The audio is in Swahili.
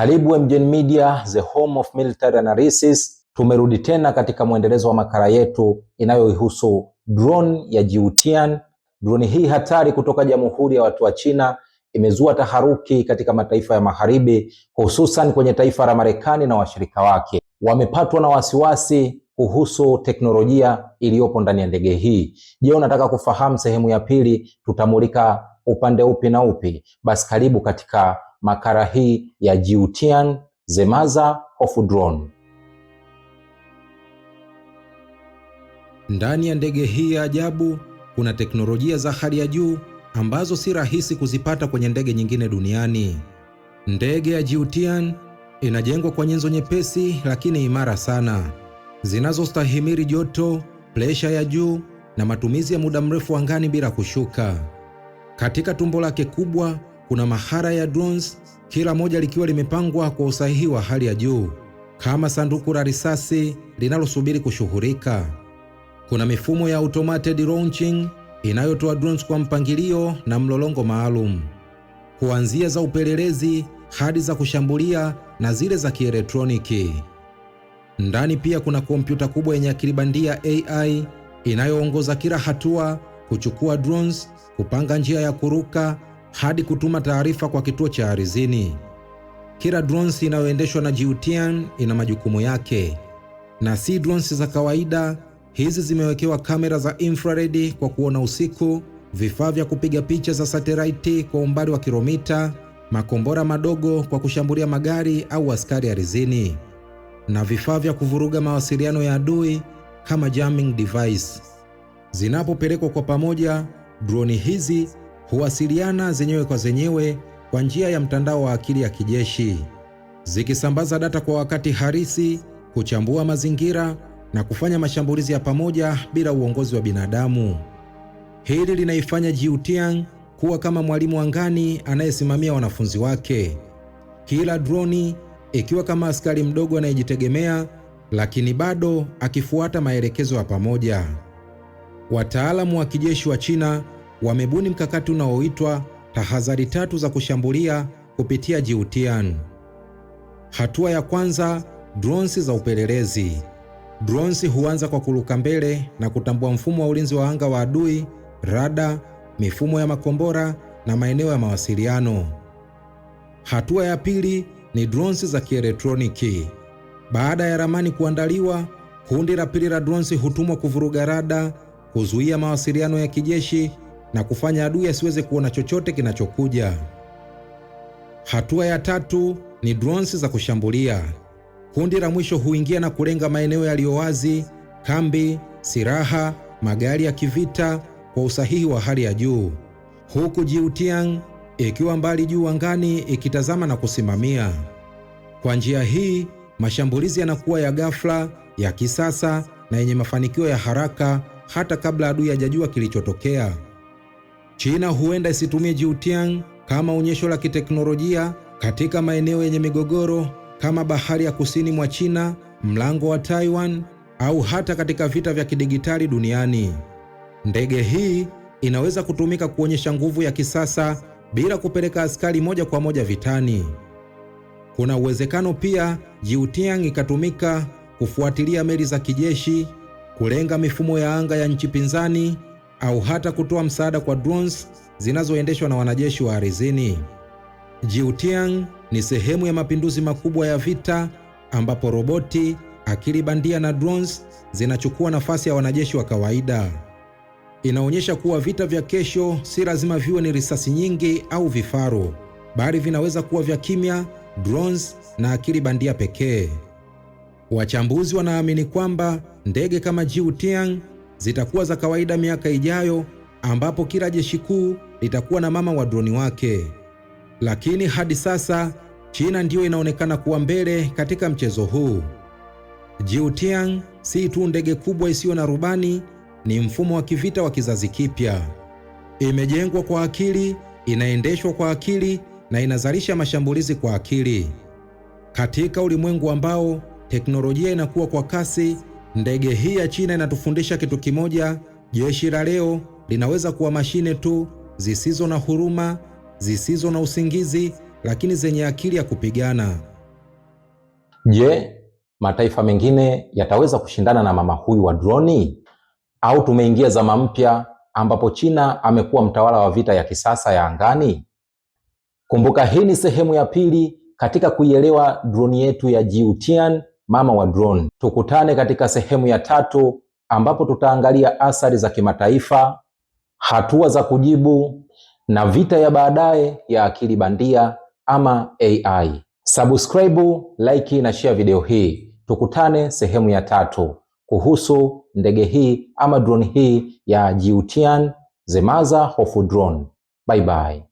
Karibu MGN Media, the home of military analysis. Tumerudi tena katika mwendelezo wa makala yetu inayoihusu drone ya Jiutian. Drone hii hatari kutoka Jamhuri ya Watu wa China imezua taharuki katika mataifa ya Magharibi, hususan kwenye taifa la Marekani na washirika wake. Wamepatwa na wasiwasi kuhusu teknolojia iliyopo ndani ya ndege hii. Je, unataka kufahamu sehemu ya pili tutamulika upande upi na upi? Basi karibu katika makala hii ya Jiutian Zemaza Drone. Ndani ya ndege hii ya ajabu kuna teknolojia za hali ya juu ambazo si rahisi kuzipata kwenye ndege nyingine duniani. Ndege ya Jiutian inajengwa kwa nyenzo nyepesi lakini imara sana zinazostahimili joto, presha ya juu na matumizi ya muda mrefu angani bila kushuka. Katika tumbo lake kubwa kuna mahara ya drones, kila moja likiwa limepangwa kwa usahihi wa hali ya juu kama sanduku la risasi linalosubiri kushughulika. Kuna mifumo ya automated launching inayotoa drones kwa mpangilio na mlolongo maalum, kuanzia za upelelezi hadi za kushambulia na zile za kielektroniki. Ndani pia kuna kompyuta kubwa yenye akili bandia AI inayoongoza kila hatua, kuchukua drones, kupanga njia ya kuruka hadi kutuma taarifa kwa kituo cha ardhini. Kila drones inayoendeshwa na Jiutian ina majukumu yake, na si drones za kawaida. Hizi zimewekewa kamera za infrared kwa kuona usiku, vifaa vya kupiga picha za satelaiti kwa umbali wa kilomita, makombora madogo kwa kushambulia magari au askari ardhini, na vifaa vya kuvuruga mawasiliano ya adui kama jamming device. Zinapopelekwa kwa pamoja, droni hizi huwasiliana zenyewe kwa zenyewe kwa njia ya mtandao wa akili ya kijeshi, zikisambaza data kwa wakati halisi, kuchambua mazingira na kufanya mashambulizi ya pamoja bila uongozi wa binadamu. Hili linaifanya Jiu Tian kuwa kama mwalimu angani anayesimamia wanafunzi wake, kila droni ikiwa kama askari mdogo anayejitegemea, lakini bado akifuata maelekezo ya pamoja. Wataalamu wa kijeshi wa China wamebuni mkakati unaoitwa tahadhari tatu za kushambulia kupitia Jiutian. Hatua ya kwanza, drones za upelelezi. Drones huanza kwa kuruka mbele na kutambua mfumo wa ulinzi wa anga wa adui, rada, mifumo ya makombora na maeneo ya mawasiliano. Hatua ya pili ni drones za kielektroniki. Baada ya ramani kuandaliwa, kundi la pili la drones hutumwa kuvuruga rada, kuzuia mawasiliano ya kijeshi na kufanya adui asiweze kuona chochote kinachokuja. Hatua ya tatu ni drones za kushambulia. Kundi la mwisho huingia na kulenga maeneo yaliyo wazi, kambi, silaha, magari ya kivita kwa usahihi wa hali ya juu, huku Jiutiang ikiwa mbali juu angani ikitazama na kusimamia. Kwa njia hii, mashambulizi yanakuwa ya ghafla, ya kisasa na yenye mafanikio ya haraka hata kabla adui hajajua kilichotokea. China huenda isitumie Jiutiang kama onyesho la kiteknolojia katika maeneo yenye migogoro kama bahari ya kusini mwa China, mlango wa Taiwan au hata katika vita vya kidigitali duniani. Ndege hii inaweza kutumika kuonyesha nguvu ya kisasa bila kupeleka askari moja kwa moja vitani. Kuna uwezekano pia Jiutiang ikatumika kufuatilia meli za kijeshi, kulenga mifumo ya anga ya nchi pinzani au hata kutoa msaada kwa drones zinazoendeshwa na wanajeshi wa ardhini. Jiutiang ni sehemu ya mapinduzi makubwa ya vita ambapo roboti, akili bandia na drones zinachukua nafasi ya wanajeshi wa kawaida. Inaonyesha kuwa vita vya kesho si lazima viwe ni risasi nyingi au vifaru, bali vinaweza kuwa vya kimya, drones na akili bandia pekee. Wachambuzi wanaamini kwamba ndege kama Jiutiang zitakuwa za kawaida miaka ijayo, ambapo kila jeshi kuu litakuwa na mama wa droni wake. Lakini hadi sasa China ndiyo inaonekana kuwa mbele katika mchezo huu. Jiutiang si tu ndege kubwa isiyo na rubani, ni mfumo wa kivita wa kizazi kipya. Imejengwa kwa akili, inaendeshwa kwa akili na inazalisha mashambulizi kwa akili. Katika ulimwengu ambao teknolojia inakuwa kwa kasi Ndege hii ya China inatufundisha kitu kimoja: jeshi la leo linaweza kuwa mashine tu zisizo na huruma, zisizo na usingizi, lakini zenye akili ya kupigana. Je, mataifa mengine yataweza kushindana na mama huyu wa droni, au tumeingia zama mpya ambapo China amekuwa mtawala wa vita ya kisasa ya angani? Kumbuka, hii ni sehemu ya pili katika kuielewa droni yetu ya Jiutian mama wa drone. Tukutane katika sehemu ya tatu ambapo tutaangalia athari za kimataifa, hatua za kujibu na vita ya baadaye ya akili bandia ama AI. Subscribe, like na share video hii. Tukutane sehemu ya tatu kuhusu ndege hii ama drone hii ya Jiutian Zemaza Hofu drone. Bye bye.